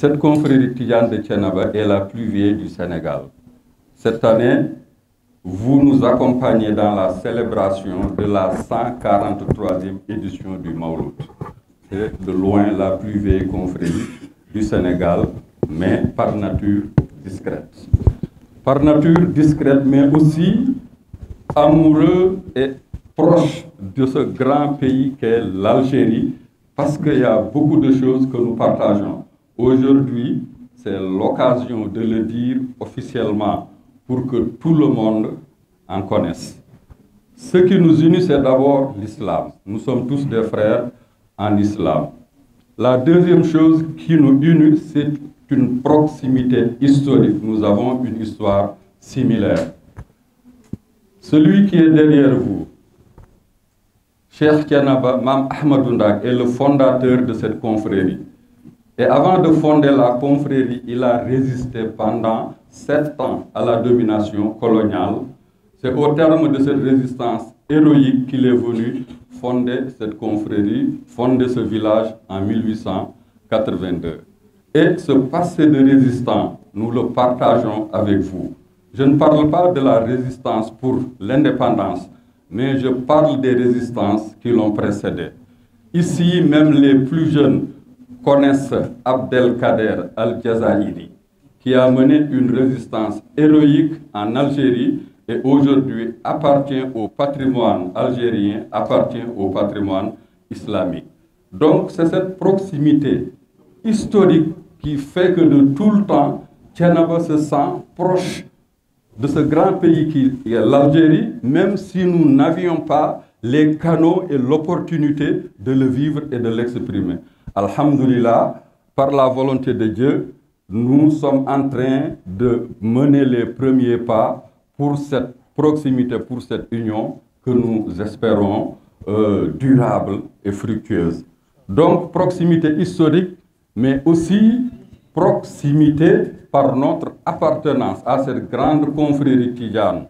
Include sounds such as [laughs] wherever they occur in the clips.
Cette confrérie Tidjane de Tianaba est la plus vieille du Sénégal. Cette année, vous nous accompagnez dans la célébration de la 143e édition du Maulout. C'est de loin la plus vieille confrérie du Sénégal, mais par nature discrète. Par nature discrète, mais aussi amoureux et proche de ce grand pays qu'est l'Algérie, parce qu'il y a beaucoup de choses que nous partageons. Aujourd'hui, c'est l'occasion de le dire officiellement pour que tout le monde en connaisse. Ce qui nous unit, c'est d'abord l'islam. Nous sommes tous des frères en islam. La deuxième chose qui nous unit, c'est une proximité historique. Nous avons une histoire similaire. Celui qui est derrière vous, Cheikh Tianaba Mam Ahmadou Ndak, est le fondateur de cette confrérie. Et avant de fonder la confrérie, il a résisté pendant sept ans à la domination coloniale. C'est au terme de cette résistance héroïque qu'il est venu fonder cette confrérie, fonder ce village en 1882. Et ce passé de résistant, nous le partageons avec vous. Je ne parle pas de la résistance pour l'indépendance, mais je parle des résistances qui l'ont précédée. Ici, même les plus jeunes connaissent Abdelkader Al-Jazahiri, qui a mené une résistance héroïque en Algérie et aujourd'hui appartient au patrimoine algérien, appartient au patrimoine islamique. Donc c'est cette proximité historique qui fait que de tout le temps, Tianaba se sent proche de ce grand pays qui est l'Algérie, même si nous n'avions pas les canaux et l'opportunité de le vivre et de l'exprimer. Alhamdulillah, par la volonté de Dieu, nous sommes en train de mener les premiers pas pour cette proximité, pour cette union que nous espérons euh, durable et fructueuse. Donc proximité historique, mais aussi proximité par notre appartenance à cette grande confrérie tidjane.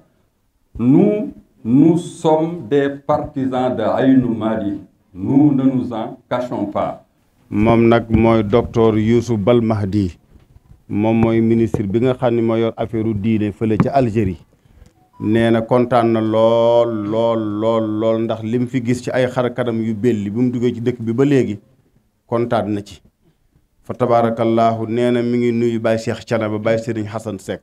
Nous, nous sommes des partisans de Aïnou Madi. Nous ne nous en cachons pas. moom nag mooy docteur Youssouf Bal Mahdi moom mooy ministre bi nga xam ne moo yor affaire diine fële ca Algérie nee na kontaan na lool lool lool lool ndax li mu fi gis ci ay xar kanam yu belli bi mu duggee ci dëkk bi ba léegi kontaan na ci fa tabaarakallaahu nee na mi ngi nuyu Baye Cheikh Thiénaba Baye Serigne Hassan Seck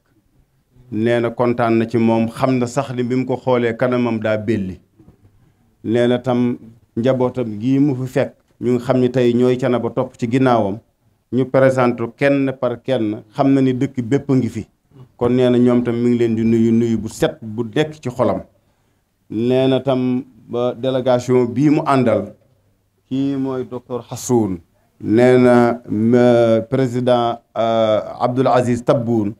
nee na kontaan na ci moom xam na sax ni bi mu ko xoolee kanamam daa belli neena tam njabootam gi mu fi fekk. ñu nga xam ni tey ñooy ba topp ci ginnaawam ñu présenté kenn par kenn xam na ni dëkk bépp ngi fi kon nee na ñoom tam mi ngi leen di nuyu nuyu bu set bu dekk ci xolam nee na tam ba délégation bii mu àndal kii mooy docteur Hassoun nee na président euh, Abdoul Aziz Tabboun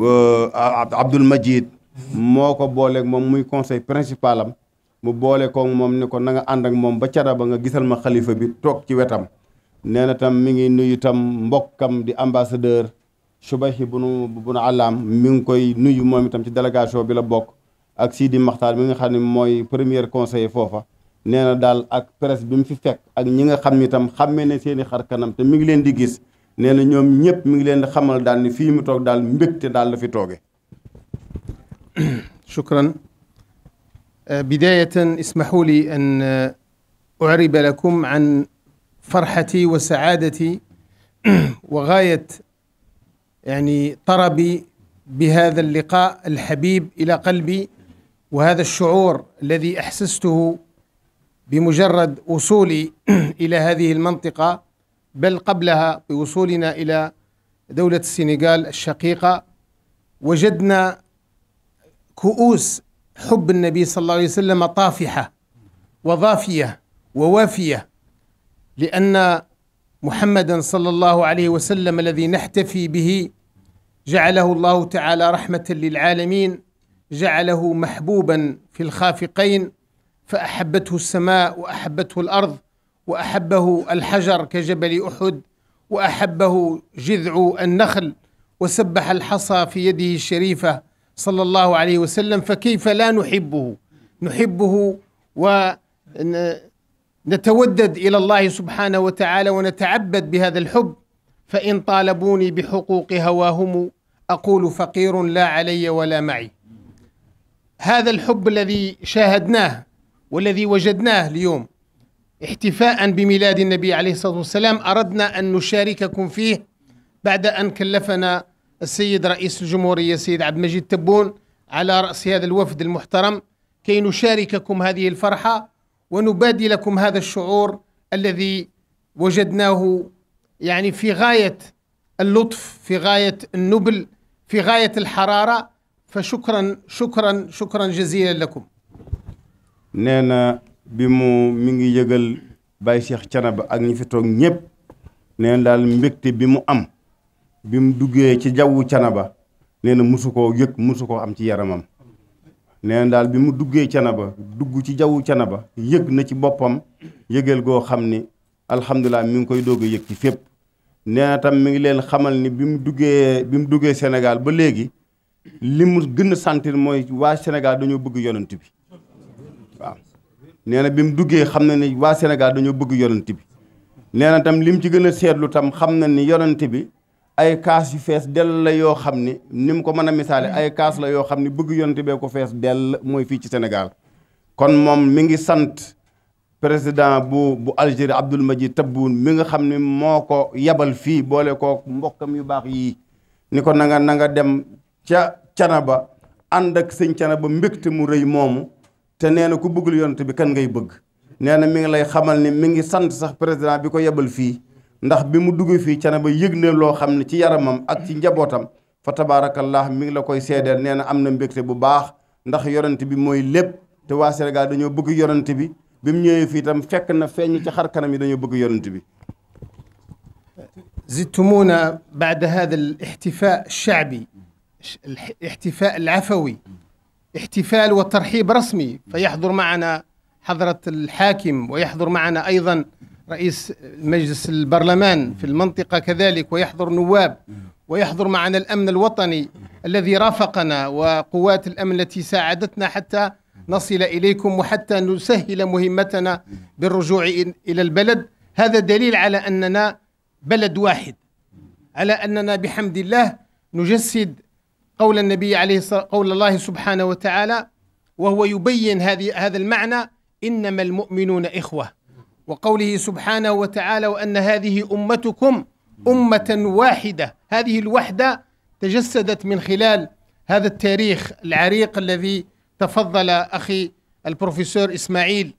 euh, Abdoul Majid moo ko booleeg moom muy conseil principal am mu boole koog moom ne ko nanga ànd ak moom ba cara ba nga gisal ma xalifa bi toog ci wetam nee na tam mi ngi nuyu tam mbokkam di ambassadeur Subayhi bu bunu Alaam mu ngi koy nuyu moom itam ci délégation bi la bokk ak di Maxtaar mi nga xam ne mooy première conseiller foofa nee na daal ak presse bi mu fi fekk ak ñi nga xam ni itam xàmmee ne seen i xar kanam te mi ngi leen di gis nee na ñoom ñëpp mu ngi leen di xamal daal ni fii mu toog daal mbégte daal la fi tooge. [coughs] shukran. بداية اسمحوا لي أن أعرب لكم عن فرحتي وسعادتي وغاية يعني طربي بهذا اللقاء الحبيب إلى قلبي وهذا الشعور الذي أحسسته بمجرد وصولي إلى هذه المنطقة بل قبلها بوصولنا إلى دولة السنغال الشقيقة وجدنا كؤوس حب النبي صلى الله عليه وسلم طافحة وضافية ووافية لأن محمدا صلى الله عليه وسلم الذي نحتفي به جعله الله تعالى رحمة للعالمين جعله محبوبا في الخافقين فأحبته السماء وأحبته الأرض وأحبه الحجر كجبل أحد وأحبه جذع النخل وسبح الحصى في يده الشريفة صلى الله عليه وسلم فكيف لا نحبه نحبه ونتودد الى الله سبحانه وتعالى ونتعبد بهذا الحب فان طالبوني بحقوق هواهم اقول فقير لا علي ولا معي هذا الحب الذي شاهدناه والذي وجدناه اليوم احتفاء بميلاد النبي عليه الصلاه والسلام اردنا ان نشارككم فيه بعد ان كلفنا السيد رئيس الجمهورية السيد عبد المجيد تبون على رأس هذا الوفد المحترم كي نشارككم هذه الفرحة ونبادي لكم هذا الشعور الذي وجدناه يعني في غاية اللطف في غاية النبل في غاية الحرارة فشكرا شكرا شكرا جزيلا لكم نانا بمو ميغي ييغال باي شيخ تيانبا اك ني في توك نيب نين دال مبكتي بمو ام bi mu duggee ci jawwu canaba nee na musu koo yëg musu koo am ci yaramam nee daal bi mu duggee canaba dugg ci jawwu canaba yëg na ci boppam yëgal goo xam ni alhamdulilah mi ngi koy doog a yëg ci fépp nee na tam mi ngi leen xamal ni bi mu duggee bi mu duggee senegal ba léegi li mu gën a sentir mooy waa senegal dañoo bëgg yonent bi waaw nee na bi mu duggee xam na waa Sénégal dañoo bëgg yonent bi nee tam li mu ci gën a seetlu tam xam na ni yonent bi ay kaas yu fees dell la yoo xam ni ni mu ko mën a misaale ay kaas la yoo xam ni bëgg yonte bee ko fees dell mooy fii ci Sénégal kon moom mi ngi sant président bu bu Algérie Abdoul Majid Tebboune mi nga xam ni moo ko yabal fii boole koo mbokkam yu baax yii ni ko nanga nanga dem ca Canaba ànd ak sëñ Canaba mbégte mu rëy moomu te nee na ku bëggul yonent bi kan ngay bëgg nee na mi ngi lay xamal ni mi ngi sant sax président bi ko yebal fii ndax bi mu duggee fii canaba yëg na loo xam ne ci yaramam ak ci njabootam fa tabaarakallah mi ngi la koy seedeel nee na am na mbégte bu baax ndax yorante bi mooy lépp te waa Sénégal dañoo bëgg yorante bi bi mu ñëwee fii itam fekk na feeñ ci xar kanam yi dañoo bëgg yorante bi زدتمونا بعد هذا الاحتفاء الشعبي الاحتفاء العفوي احتفال وترحيب رسمي فيحضر معنا رئيس مجلس البرلمان في المنطقة كذلك ويحضر نواب ويحضر معنا الأمن الوطني الذي رافقنا وقوات الأمن التي ساعدتنا حتى نصل إليكم وحتى نسهل مهمتنا بالرجوع إلى البلد هذا دليل على أننا بلد واحد على أننا بحمد الله نجسد قول النبي عليه قول الله سبحانه وتعالى وهو يبين هذه هذا المعنى إنما المؤمنون إخوة وقوله سبحانه وتعالى وأن هذه أمتكم أمة واحدة هذه الوحدة تجسدت من خلال هذا التاريخ العريق الذي تفضل أخي البروفيسور إسماعيل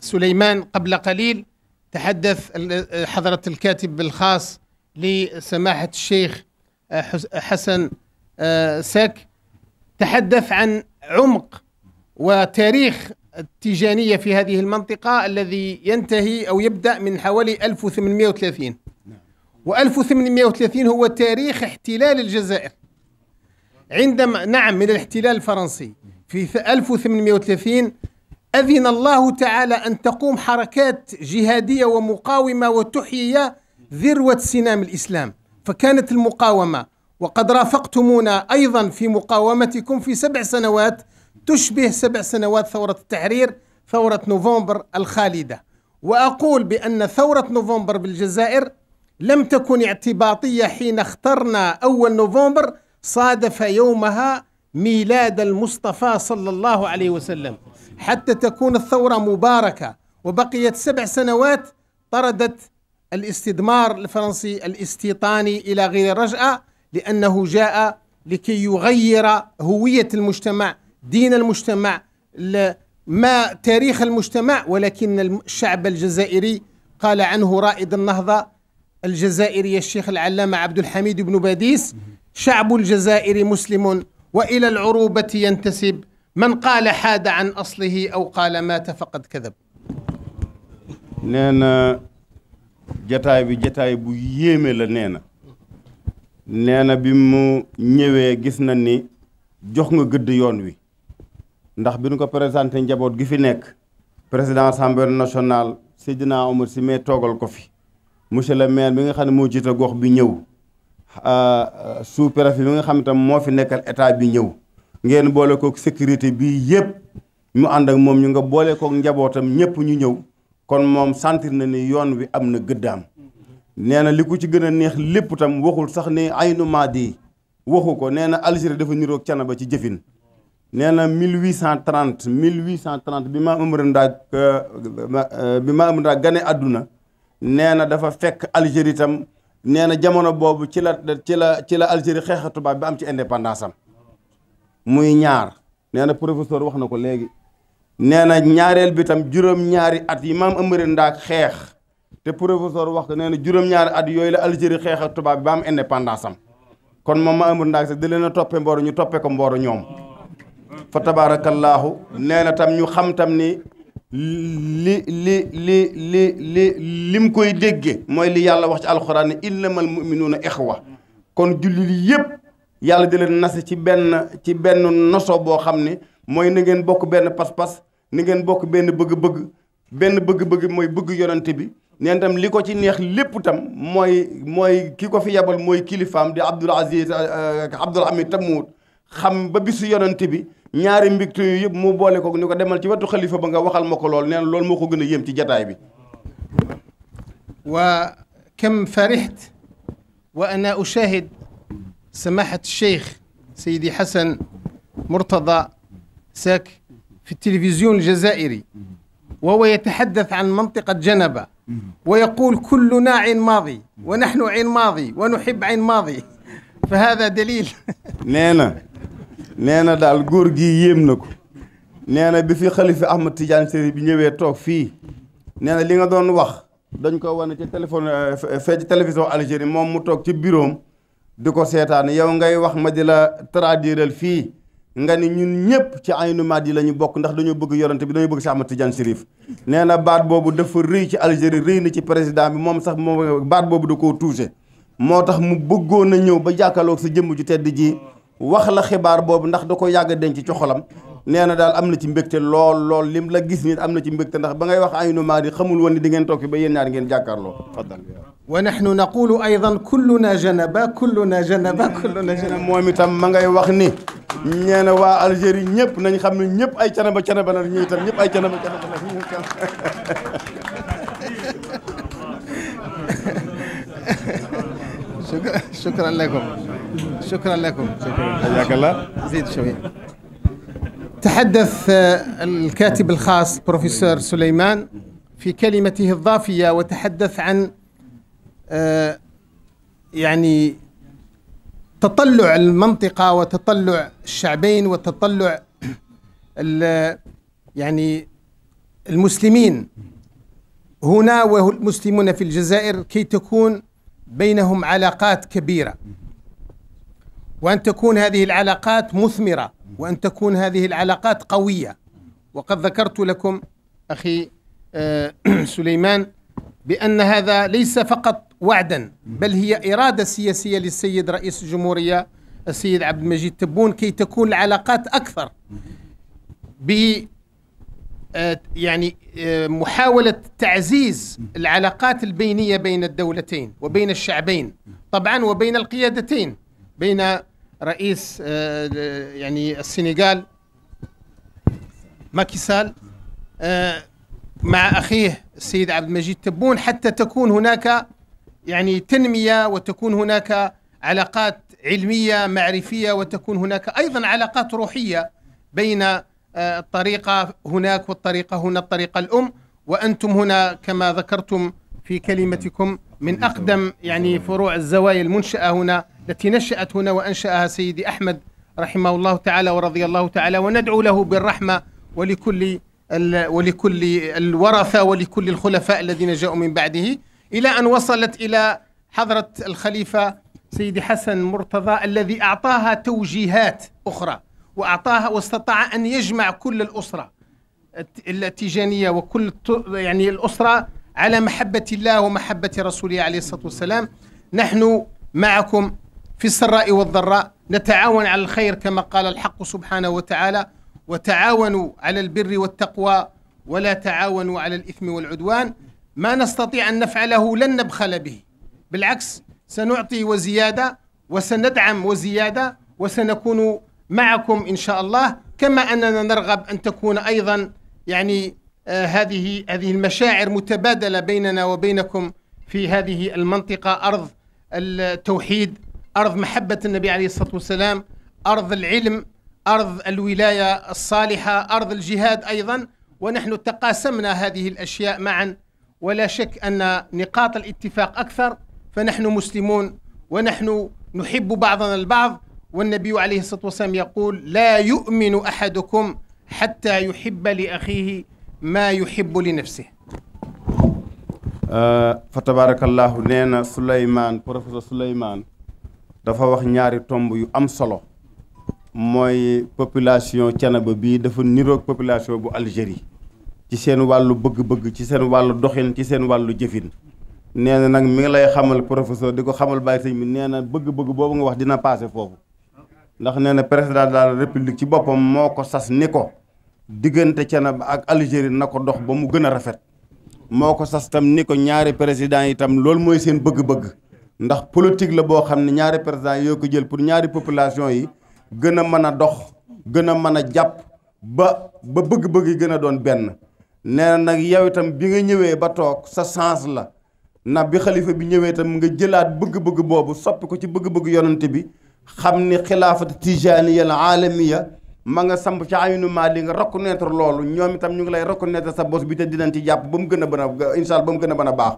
سليمان قبل قليل تحدث حضرة الكاتب بالخاص لسماحة الشيخ حسن ساك تحدث عن عمق وتاريخ التيجانية في هذه المنطقة الذي ينتهي أو يبدأ من حوالي 1830 و1830 هو تاريخ احتلال الجزائر عندما نعم من الاحتلال الفرنسي في 1830 أذن الله تعالى أن تقوم حركات جهادية ومقاومة وتحيي ذروة سنام الإسلام فكانت المقاومة وقد رافقتمونا أيضا في مقاومتكم في سبع سنوات تشبه سبع سنوات ثورة التحرير ثورة نوفمبر الخالدة وأقول بأن ثورة نوفمبر بالجزائر لم تكن اعتباطية حين اخترنا أول نوفمبر صادف يومها ميلاد المصطفى صلى الله عليه وسلم حتى تكون الثورة مباركة وبقيت سبع سنوات طردت الاستدمار الفرنسي الاستيطاني إلى غير رجعة لأنه جاء لكي يغير هوية المجتمع دين المجتمع ما تاريخ المجتمع ولكن الشعب الجزائري قال عنه رائد النهضة الجزائري الشيخ العلامة عبد الحميد بن باديس شعب الجزائر مسلم وإلى العروبة ينتسب من قال حاد عن أصله أو قال مات فقد كذب nee na jataay bi jataay bu yéeme la nee na nee na bi mu ñëwee gis na ni jox nga gëdd yoon wi ndax bi ñu ko présenté njaboot gi fi nekk président assemblée nationale Seydina Omar si mais toogal ko fi monsieur le maire bi nga xam ne moo jiite gox bi ñëw ah, sous-préfet bi nga xam tam moo fi nekkal état bi ñëw ngeen boole kook sécurité bii yëpp mu ànd ak moom ñu nga boole kook njabootam ñëpp ñu ñëw kon moom sentir na ni yoon wi am na gëddaam nee na li ku ci gën a neex lépp tam waxul sax ni aynu maadi waxu ko nee na Algérie dafa niroog cana ba ci jëfin nee na cent 1830 mille Maam Amar Ndak bi Maam Amar Ndak euh, gane àdduna nee na dafa fekk Algérie itam nee na jamono boobu ci la ci la ci la Algérie xeexa tubaab bi am ci indépendance am muy ñaar nee na professeur wax na ko léegi nee na ñaareel bi tam juróom-ñaari at yi Maam Amar Ndak xeex te professeur wax ko nee juróom-ñaari at yooyu la Algérie xeexa tubaab bi ba am indépendance am kon moom Maam Amar Ndak sax da leen a toppee mbooru ñu toppee ko mbooru ñoom fa tabaarakallaahu nee na tam ñu xam tam ni li li li li li lim koy dégge mooy li yàlla wax ci alxuraan ne innamal muminuuna ixwa kon julli li yépp yàlla di leen nase ci benn ci benn noso boo xam ne mooy na ngeen bokk benn pas-pas na ngeen bokk benn bëgg-bëgg benn bëgg-bëgg mooy bëgg yonante bi neen tam li ko ci neex lépp tam mooy mooy ki ko fi yabal mooy kilifaam di Abdul Aziz Abdul Hamid Tamuut xam ba bisu yonante bi ñaari mbégte yooyu yëpp mu boole ko ni ko demal ci wetu xalifa ba nga waxal ma ko lool nee na loolu moo ko gën a yéem ci jataay bi wa kam fariht wa ana ushahid samahat cheikh sayidi hasan murtada sak fi télévision aljazairi وهو يتحدث عن منطقة جنبة ويقول كلنا عين ماضي ونحن عين ماضي ونحب عين ماضي فهذا دليل نانا nee na daal góor gi yéem na ko nee na bi fi xalifa Ahmad Tidiane Seri bi ñëwee toog fii nee na li nga doon wax dañ ko wane ci téléphone euh, fee ci télévision Algérie moom mu toog ci bureau di ko seetaan yow ngay wax ma di la traduiral fii nga ni ñun ñëpp ci aynu maat yi la ñu bokk ndax dañoo bëgg yorante bi dañu bëgg Cheikh Ahmad Tidiane Chérif nee na baat boobu dafa rëy ci Algérie rëy na ci président bi moom sax moom baat boobu da koo touché moo tax mu bëggoon a ñëw ba jàkkaarloog sa jëmm ju tedd ji wax la xibaar boobu ndax da ko yàgg a denc ci xolam nee na daal am na ci mbégte lool lool lim la gis nit am na ci mbégte ndax ba ngay wax aynu maadi xamul woon ni di ngeen toog fi ba yéen ñaar ngeen jàkkaarloo faddal wa nahnu naqulu aydan kulluna janaba kulluna janaba kulluna janaba [laughs] moom itam ma ngay wax ni ñee na waa Algérie ñëpp nañ xam ne ñëpp ay canaba canaba la ñu itam ñëpp ay canaba canaba la [laughs] شكرا شكرا لكم شكرا لكم حياك الله زيد شوية تحدث الكاتب الخاص بروفيسور سليمان في كلمته الضافية وتحدث عن يعني تطلع المنطقة وتطلع الشعبين وتطلع يعني المسلمين هنا والمسلمون في الجزائر كي تكون بينهم علاقات كبيره وان تكون هذه العلاقات مثمره وان تكون هذه العلاقات قويه وقد ذكرت لكم اخي سليمان بان هذا ليس فقط وعدا بل هي اراده سياسيه للسيد رئيس الجمهوريه السيد عبد المجيد تبون كي تكون العلاقات اكثر ب يعني محاولة تعزيز العلاقات البينية بين الدولتين وبين الشعبين طبعا وبين القيادتين بين رئيس يعني السنغال ماكيسال مع أخيه السيد عبد المجيد تبون حتى تكون هناك يعني تنمية وتكون هناك علاقات علمية معرفية وتكون هناك أيضا علاقات روحية بين طريقة هناك والطريقة هنا الطريقة الأم وأنتم هنا كما ذكرتم في كلمتكم من أقدم يعني فروع الزوايا المنشأة هنا التي نشأت هنا وأنشأها سيدي أحمد رحمه الله تعالى ورضي الله تعالى وندعو له بالرحمة ولكل ولكل الورثة ولكل الخلفاء الذين جاءوا من بعده إلى أن وصلت إلى حضرة الخليفة سيدي حسن مرتضى الذي أعطاها توجيهات أخرى واعطاها واستطاع ان يجمع كل الاسره التيجانيه وكل يعني الاسره على محبه الله ومحبه رسوله عليه الصلاه والسلام نحن معكم في السراء والضراء نتعاون على الخير كما قال الحق سبحانه وتعالى وتعاونوا على البر والتقوى ولا تعاونوا على الاثم والعدوان ما نستطيع ان نفعله لن نبخل به بالعكس سنعطي وزياده وسندعم وزياده وسنكون معكم ان شاء الله كما اننا نرغب ان تكون ايضا يعني هذه هذه المشاعر متبادله بيننا وبينكم في هذه المنطقه ارض التوحيد ارض محبه النبي عليه الصلاه والسلام ارض العلم ارض الولايه الصالحه ارض الجهاد ايضا ونحن تقاسمنا هذه الاشياء معا ولا شك ان نقاط الاتفاق اكثر فنحن مسلمون ونحن نحب بعضنا البعض والنبي عليه الصلاة والسلام يقول لا يؤمن أحدكم حتى يحب لأخيه ما يحب لنفسه fa tabarakallahu nee na Souleymane professeur Souleymane dafa wax ñaari tomb yu am solo mooy population Thiénaba bii dafa niroog population bu Algérie ci seen wàllu bëgg-bëgg ci seen wàllu doxin ci seen wàllu jëfin nee na nag mi ngi lay xamal professeur di ko xamal bàyyi sëñ bi nee na bëgg-bëgg boobu nga wax dina paase foofu ndax nee na président de la ci boppam moo ko sas ni ko diggante Thiénaba ak Algérie na ko dox ba mu gën a rafet moo ko sas tam ni ko ñaari président itam loolu mooy seen bëgg-bëgg ndax politique la boo xam ne ñaari président yoo ko jël pour ñaari population yi gën a mën a dox gën a mën a jàpp ba ba bëgg-bëgg yi gën a doon benn nee na nag yow itam bi nga ñëwee ba toog sa chance la na bi xalifa bi ñëwee itam nga jëlaat bëgg-bëgg boobu soppi ko ci bëgg-bëgg yonante bi xam ni xilaafatu tijaaniya al aalamiya ma nga samp ci aynu Maalik nga reconnaître loolu ñoom itam ñu ngi lay reconnaître sa bos bi te dinañ ci jàpp ba mu gën a bën a incha allah ba mu gën a bën a baax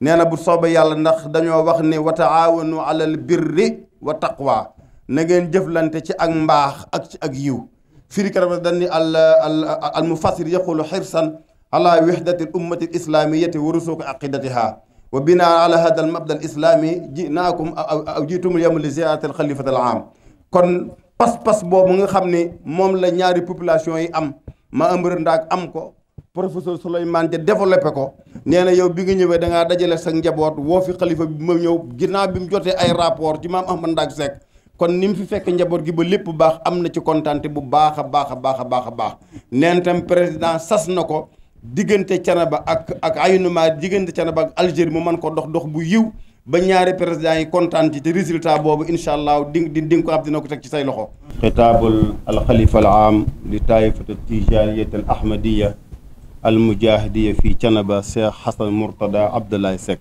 nee na bu soobee yàlla ndax dañoo wax ni wa taawanu alal birri wa taqwa na ngeen jëflante ci ak mbaax ak ci ak yiw firikara dañ ni al al mufassir yaqulu xirsan ala wihdati al ummati al islamiyati wa rusuuki aqidatiha wa binaa ala hada al mabda al islami ji naakum aw jiitumul yawma li ziyarat al xalifat al am kon pas-pas boobu nga xam ne moom la ñaari population yi am ma ëmbër ndaak am ko professeur Souleymane Dia développé ko nee na yow bi nga ñëwee da ngaa dajale sa njaboot woo fi xalifa bi ma ñëw ginnaaw bi mu jotee ay rapport ci maam Ahmad ndaag Seck kon ni mu fi fekk njaboot gi ba lépp baax am na ci kontaante bu baax a baax a baax a baax a baax neen président sas na ko diggante Canaba ak ak Aynouma diggante Canaba ak Algérie mu man ko dox dox bu yiw ba ñaari président yi kontaan ci te résultat boobu incha allah di di ko ab ko ci say loxo. xitaabul alxalifa al aam li taifatu tijaniyat al ahmadiya al mujahidiya fi Canaba Cheikh Hassan Mourtada Abdoulaye Seck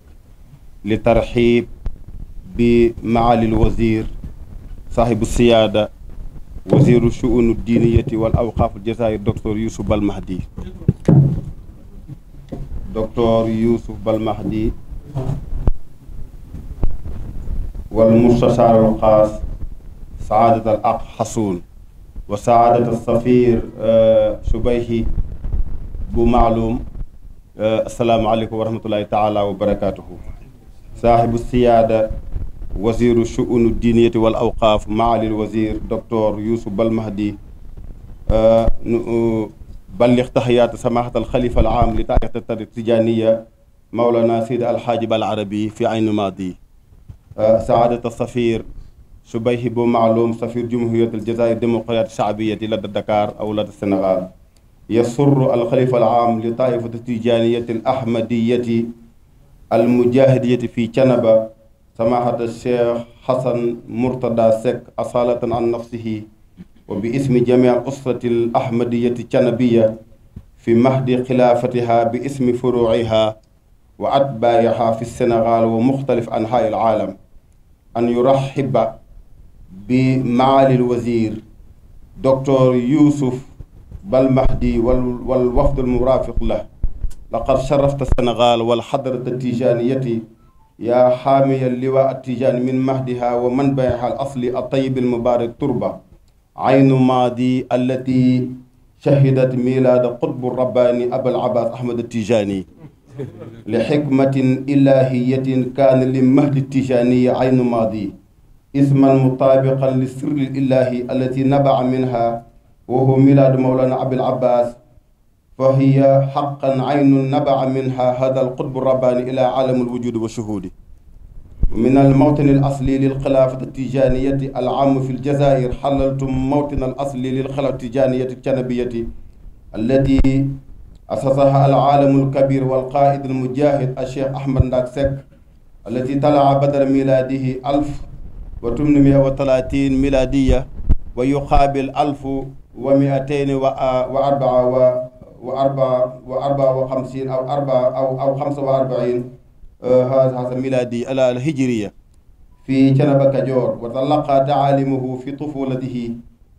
li tarxiib bi maalil wazir saahibu siyaada waziru chuunu diiniyati wal awqaaf al jazair docteur Youssouf Al Mahdi docteur Youssouf Balmahdi wal mustashar al xaas saadat al aq xasuun wa saadat al safir euh, subayhi bu maalum euh, asalaamaaleykum wa rahmatullahi taala wa barakaatuhu saaxibu siyaada wasiru shu'unu diiniyati wal awqaaf maalil wasir docteur Youssouf Balmahdi euh, ballix taxiyaata samaaxatal xalifa al aam li taarixta tari tijaaniya mawlana seydi alxaajib al arabi fi ayni maadi saadata safir subeyhi bu maalum safir jumhuriyatal jazair démocrate chaabiyati la da dakar aw la da sénégal yasurru alxalifa al aam li taifati tijaaniyati al ahmadiyati al mujahidiyati fi canaba samaaxata cheikh xasan murtada sekk asalatan an nafsihi وباسم جميع أسرة الأحمدية الجنبية في مهد خلافتها باسم فروعها وأتباعها في السنغال ومختلف أنحاء العالم أن يرحب بمعالي الوزير دكتور يوسف بالمهدي والوفد المرافق له لقد شرفت السنغال والحضرة التيجانية يا حامي اللواء التيجاني من مهدها ومنبعها الأصلي الطيب المبارك تربه aynu maadi allati shahidat milaada qutbu rabbaani abal abbas ahmad tijaani li xikmatin ilahiyatin kaana li mahdi tijaaniya aynu maadi isman mutaabiqan li sirri ilahi allati nabaa minha wa huwa milaadu mawlana abil abbas fa hiya xaqan aynun nabaa minha hada alqutbu rabbaani ila aalam alwujudi wa shuhuudi من الموطن الأصلي للخلافة التجانية العام في الجزائر حللتم موطن الأصلي للخلافة التجانية الكنبية التي أسسها العالم الكبير والقائد المجاهد الشيخ أحمد نداك سك التي طلع بدر ميلاده 1830 ميلادية ويقابل 1254 وأربعة وأربعة وخمسين أو أربعة أو أو خمسة وأربعين haasa milaadi ala al hijriya fi Thiénaba Kajoor wa talaqa taalimuhu fi tufulatihi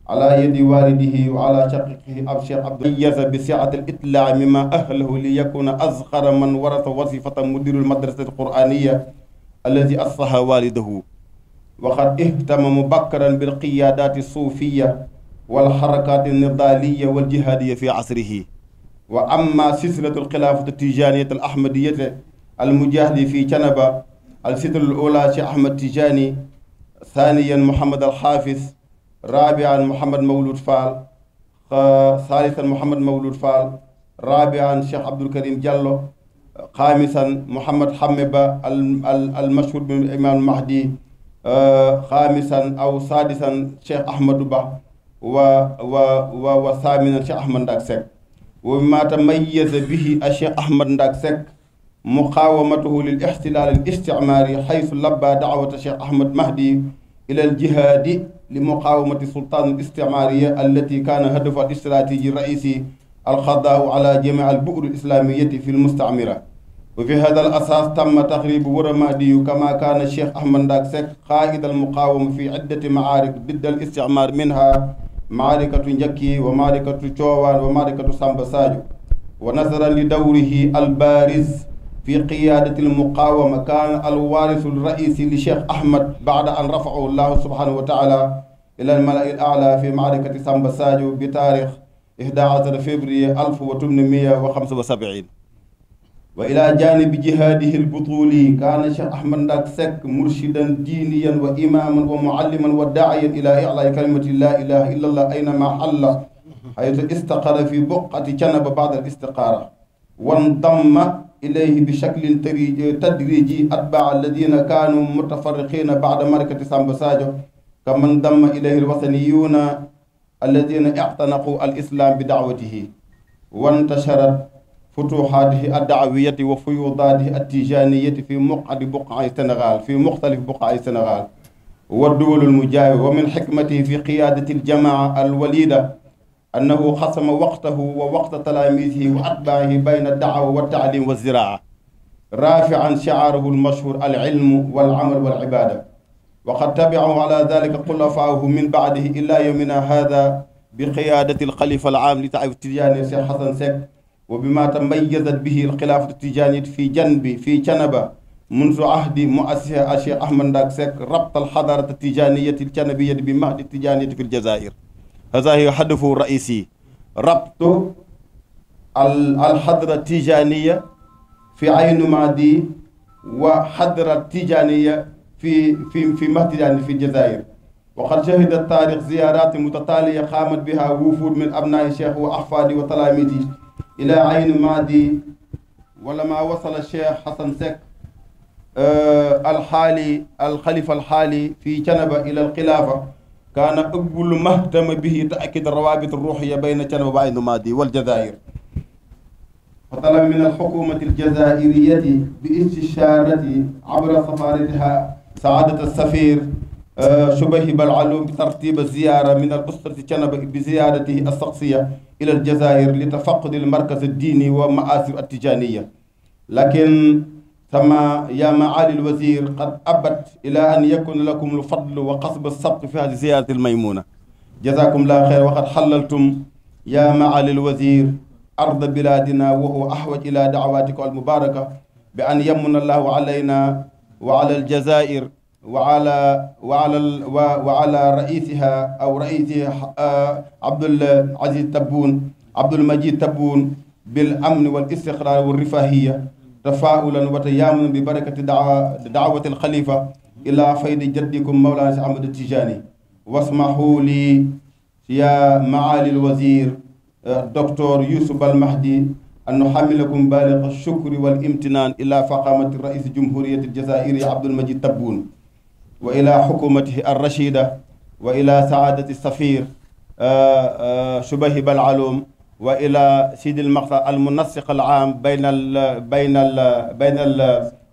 ala yadi walidihi wa ala shaqiqihi ab Cheikh Abdou yaza bi siati al itlaa mimma ahlahu li yakuna azkara man warasa wasifata mudirul madrasati al quraniya allati assaha walidahu وقد اهتم مبكرا بالقيادات الصوفية والحركات النضالية والجهادية في عصره وأما سلسلة الخلافة التيجانية الأحمدية almujahidi fi canaba alfitrul ula ci ahmad tijani thaniyan mouhamad alxaafis rabian mouhamad mawlud fall saalisan mouhamad mawlud fall rabian cheikh abdoulkarim diallo xaamisan mouhamad xamme ba almashhur bi imam mahdi eh, xaamisan aw saadisan cheikh ahmadou ba wa wa wa wa saaminan cheikh ahmad ndak sek wa mimata mayyaza bihi a cheikh ahmad ndak sek muqaawamatuhu lil ixtilaal al isticmaari xaysu labba daawata Cheikh Ahmad Mahdi ila al jihaadi li muqaawamati sultaan al isticmaariya allati kaana hadafu al istiraatiji raisi alxadaawu ala jamii al buur al islaamiyati fi lmustamira wa fi hada al asaas tamma taxribu wara mahdiyu kama kaana Cheikh Ahmad Ndaak Seck qaa'id al muqaawama fi iddati maaarik didd al isticmaar minha maarikatu njakki wa maarikatu coowaan wa maarikatu samba saajo wa nasara li dawrihi al baariz fi qiyaadati almuqaawama kaana alwaarisu alraisi li cheikh ahmad baada an rafaahu llahu subhanahu wa taala ila almalai ala fi maarikati samba sadio bi taarix ihda ashara février alf wa thamnamiya wa xamsa wa sab'in wa ila janibi jihaadihi albutuli kaana cheikh ahmad ndak sekk murshidan diiniyan wa imaaman wa mualliman wa daa'iyan ila i'laa kalimati laa ilaha illa allah aynama halla haytu istaqara fi buqati canaba baada al istiqaara wan damma ilayhi bi shaklin tadriji atbaa alladina kaanu mutafarriqina baada marakati Samba Sadio ka man damma ilayhi alwasaniyuuna alladina ictanaqu al islam bi daawatihi wantasharat futuxaatihi addaawiyati wa fuyudaatihi attijaaniyati fi muqadi buqaay Sénégal fi muxtalif buqaay Sénégal wa duwalul mujaawi wa min xikmatihi fi qiyaadati aljamaa alwalida annahu xasama waqtahu wa waqta talaamisihi wa atbaahi bayna daawa wa taalim wa ziraa raafian shiaarahu lmashhur alilmu walamal walcibaada waqad tabicahu ala dalika xulafaahu min bacdihi ila yowmina hada biqiyaadati alxalifa alaam li taif tijaani Cheikh Xasan Seck wa bima tamayyazat bihi alxilaafatu tijaaniyat fi janbi fi canaba منذ عهد مؤسسها الشيخ أحمد داك سيك ربط الحضارة التجانية الجنبية بمهد التجانية في الجزائر hazahi hadfu raisi rabtu alxadra tijaniya fi aynu maadi wa xadra tijaniya fi fi fi mahdijani fi jazair وقد شهد التاريخ زيارات متتالية قامت بها وفود من أبناء الشيخ وأحفاده وتلاميذه إلى عين مادي ولما وصل الشيخ حسن سك أه الحالي الخليفة الحالي في جنبة إلى الخلافة kaana ëbbul mahtama bihi taakid rawaabit ruuxiya bayna Canaba wa Aynu Maadi wal Jazaayir fa talaba min alxukumati aljazairiyati bi istishaarati abra safaratiha saadat alsafir eh, subahi balalum bi tartiba ziyara min al ustati Canaba bi ziyaratihi alsaxsiya ila aljazair li tafaqudi almarkaz addiini wa maasir attijaniya lakin tama yaa maali lwasir qad abat ila an yakuna lakum l fadlu wa qasba sabt fi hadi ziyaarati lmaymuna jazakum laa xeer wa qad xalaltum yaa maali lwasir arda biladina wa huwa ahwaj ila daawatika almubaraka bi an yamuna allahu alayna wa ala aljazair wa ala wa ala wa ala raisiha aw raisiha ah, abdul aziz tabbuun abdul majid tabbuun bil amni wal istiqraar wal rifahiya tafaaulan wa tayaamunan bi barakati daawati alxalifa ila faydi jaddikum mawlana si ahmad tijaani wasmahu li ya maali alwazir eh, docteur yusuf almahdi an nuxamilakum baaliq alshukri wal imtinaan ila faqamati rais jumhuriyati aljazairi abdulmajid tabbuun wa ila xukumatihi alrashida wa ila saadati safir eh, eh, shubahi balalum wa ila sidil maxtar al munassiq al aam bayna al bayna al bayna al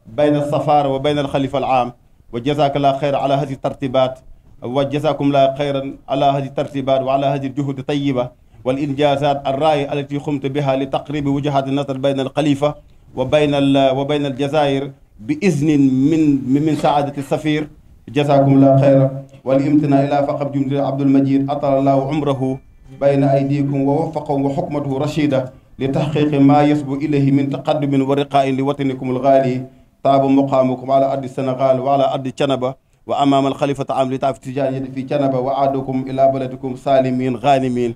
bayna al safaar wa bayna al xalifa al aam wa jazakallah xeyran ala hadi tartibat wa jazakum la xeyran ala hadi tartibat wa ala hadi juhud tayiba wal injazat al raay alati xumtu biha li taqribi wujahat nasar bayna al xalifa wa bayna al wa bayna al jazair bi iznin min min saadati safir jazakum la xeyran wal imtina ila faqab jumdi abdul majid atala allahu umrahu bayna aydikum wa waffaqahum wa xukmatuhu rachida li taxqiqi maa yasbu ilayhi min taqaddumin wa riqaain li watanikum algaali taabu muqaamukum ala ardi sénégal wa ala ardi canaba wa amaama alxalifata am li taaf tijaaniyati fi canaba wa aadukum ila baladikum saalimin gaanimin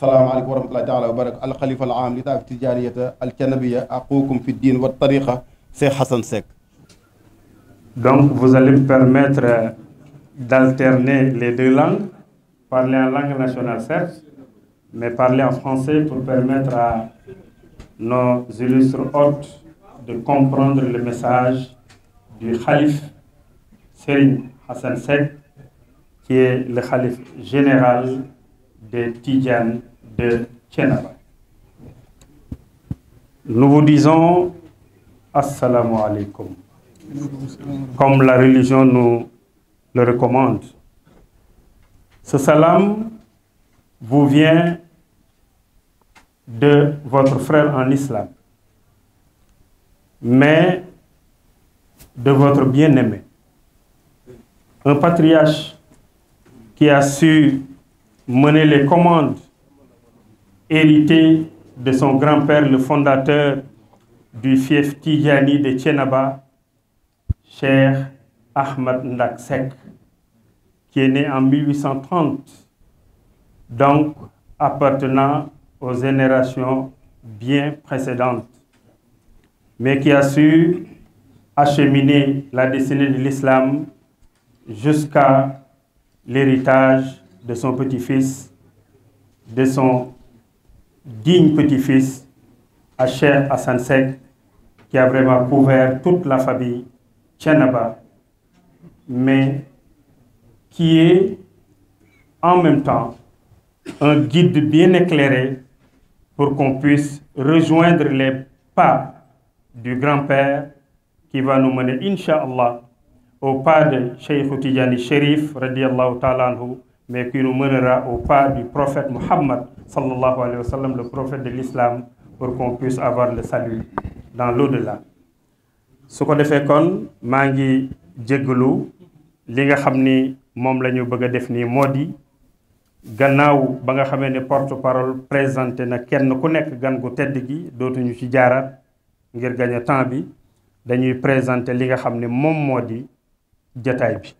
salaamaaleykum wa rahmatullahi taala wa barakatu alxalifa al aam li taaf tijaaniyata alcanabiya aquukum fi diin wa tariqa Cheikh Hassan Seck donc vous allez me permettre d'alterner les deux langues parler en langue nationale certes mais parler en français pour permettre à nos illustres hôtes de comprendre le message du khalife Serigne Hassan Seck, qui est le khalife général des Tidjanes de Thiénaba. Nous vous disons Assalamu alaikum. Comme la religion nous le recommande. vous vient de votre frère en islam, mais de votre bien-aimé. Un patriarche qui a su mener les commandes héritées de son grand-père, le fondateur du fief Tijani de Tiénaba, Cheikh Ahmad Ndak Seck, qui est né en donc appartenant aux générations bien précédentes, mais qui a su acheminer la destinée de l'islam jusqu'à l'héritage de son petit-fils, de son digne petit-fils, Hachem Hassan Sek, qui a vraiment couvert toute la famille Tchénaba, mais qui est en même temps un guide bien éclairé pour qu'on puisse rejoindre les pas du grand-père qui va nous mener, Inch'Allah, au pas de Cheikh Tidjani Sherif, radiallahu ta'ala mais qui nous mènera au pas du prophète Muhammad, sallallahu alayhi wa le prophète de l'islam, pour qu'on puisse avoir le salut dans l'au-delà. su ko defee kon maa ngi jéggalu li nga xam ni moom la ñu bëgg a def nii moo di gannaaw ba nga xamee ne porte parole présenté na kenn ku nekk gan gu tedd gi dootuñu ci jaara ngir gañe temps bi dañuy présenté li nga xam ni moom moo di jataay bi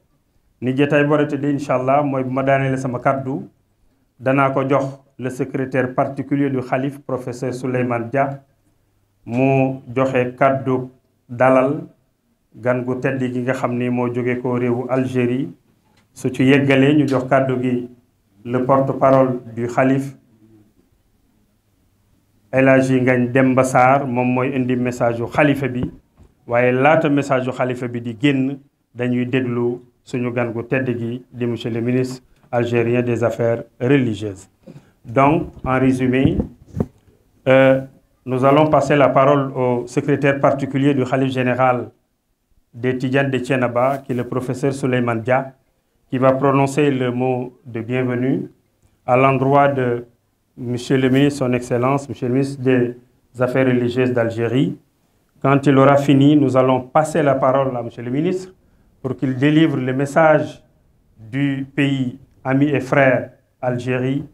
ni jataay bi war a tëddee allah mooy bu ma daaneele sama kàddu danaa ko jox le secrétaire particulier du xalif professeur Souleymane Dia mu joxe kàddu dalal gan gu tedd gi nga xam ni moo jóge ko réewu Algérie su ci yeggalee ñu jox kàddu gi le porte-parole du xalif El Hadji Ngagne dem Sarr moom mooy indi message yu xalifa bi waaye laata message yu xalifa bi di génn dañuy déglu suñu gan gu tedd gi di monsieur le ministre algérien des affaires religieuses donc en résumé euh, nous allons passer la parole au secrétaire particulier du khalife général des Tidjanes de Thiénaba qui est le professeur Souleymane Dia qui va prononcer le mot de bienvenue à l'endroit de Monsieur le ministre, Son Excellence, Monsieur le ministre des Affaires religieuses d'Algérie. Quand il aura fini, nous allons passer la parole à Monsieur le ministre pour qu'il délivre le message du pays ami et frère Algérie.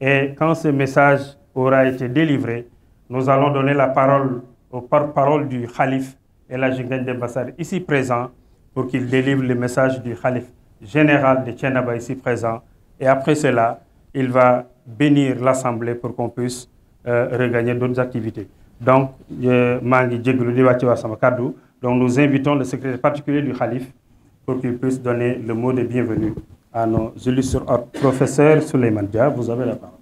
Et quand ce message aura été délivré, nous allons donner la parole au porte-parole du calife et la Jugend de Bassar ici présent pour qu'il délivre le message du calife. général de Tiénaba ici présent. Et après cela, il va bénir l'Assemblée pour qu'on puisse euh, regagner d'autres activités. Donc, euh, donc, nous invitons le secrétaire particulier du Khalif pour qu'il puisse donner le mot de bienvenue à nos illustres professeurs Souleymane Dia. Vous avez la parole.